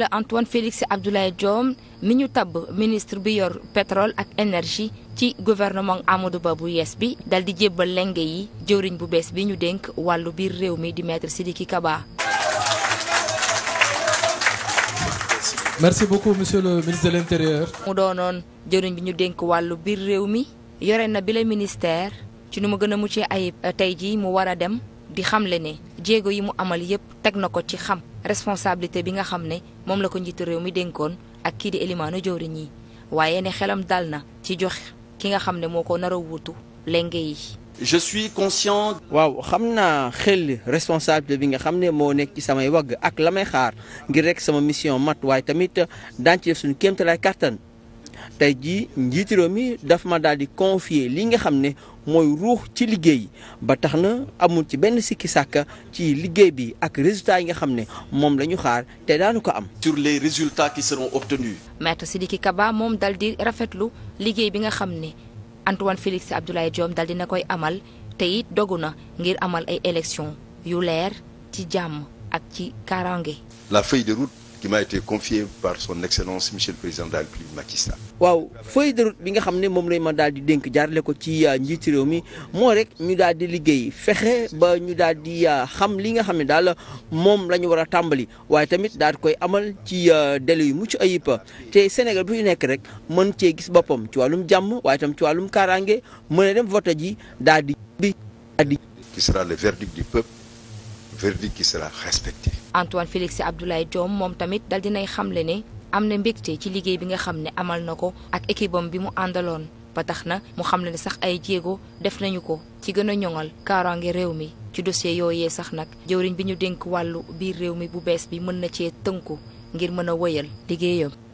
la Antoine Félix Abdoulaye Diome mi ñu tabb ministre bi yor pétrole ak énergie ci gouvernement Amadou bu yees bi dal di jébbal lenge yi jëwriñ bu bees bi ñu dénk wàllu biir réew mi di maître Sidiki Kaba. merci beaucoup monsieur mu doonoon jëwriñ bi ñu dénk wàllu biir réew mi yore na bila la ci nu ma gën a muccee ayib tey jii mu war a dem di xamle ne. jéego yi mu amal yépp teg na ko ci xam responsabilité bi nga xam ne moom la ko njiitu réew mi dénkoon ak kii di Elimaanu jawriñ yi waaye ne xelam dal na ci jox ki nga xam ne moo ko nar a wuutu lenge yi. je suis conscient. waaw xam naa xel responsable bi nga xam ne moo nekk ci samay wagg ak la may xaar ngir rek sama mission mat waaye tamit daan ci def suñu kéemtalaay kàttan tey jii njiitu mi daf ma daal di confier li nga xam ne mooy ruux ci liggéey ba tax na amul ci benn sikki sàkka ci liggéey bi ak résultat yi nga xam ne moom la ñu xaar te daanu ko am. sur les résultats qui seront obtenus. maître Sidiki Kaba moom dal di rafetlu liggéey bi nga xam ne Antoine Félix Abdoulaye Diome dal dina koy amal tey it dogu na ngir amal ay élections yu leer ci jàmm ak ci kaaraange. qui m'a été confiée par son excellence monsieur le président de la République waaw fooy de bi nga xam ne moom lañ ma daal di dénk jaarle ko ci euh, njiitu réew mi moo rek ñu daal di liggéey fexe ba ñu daal di euh, xam li nga xam ne daal moom lañu ñu war a tàmbali waaye tamit daal di koy amal ci euh, délai yi mucc ayib te Sénégal bu ñu nekk rek mën cee gis boppam ci wàllum jàmm waaye tam ci wàllum kaaraange mën a dem vote ji daal di bi daal di. qui sera le verdict du peuple. verdict qui sera respecté. Antoine Félix Abdoulaye Diome moom tamit dal dinay xamle ni am na mbégte ci liggéey bi nga xam ne amal na ko ak équipe bi mu àndaloon ba tax na mu xamle ne sax ay jéego def nañu ko ci gën a ñoŋal kaaraange réew mi ci dossier yooye sax nag jëwriñ bi ñu dénk wàllu biir réew mi bu bees bi mën na cee tënku ngir mën a wëyal liggéeyam.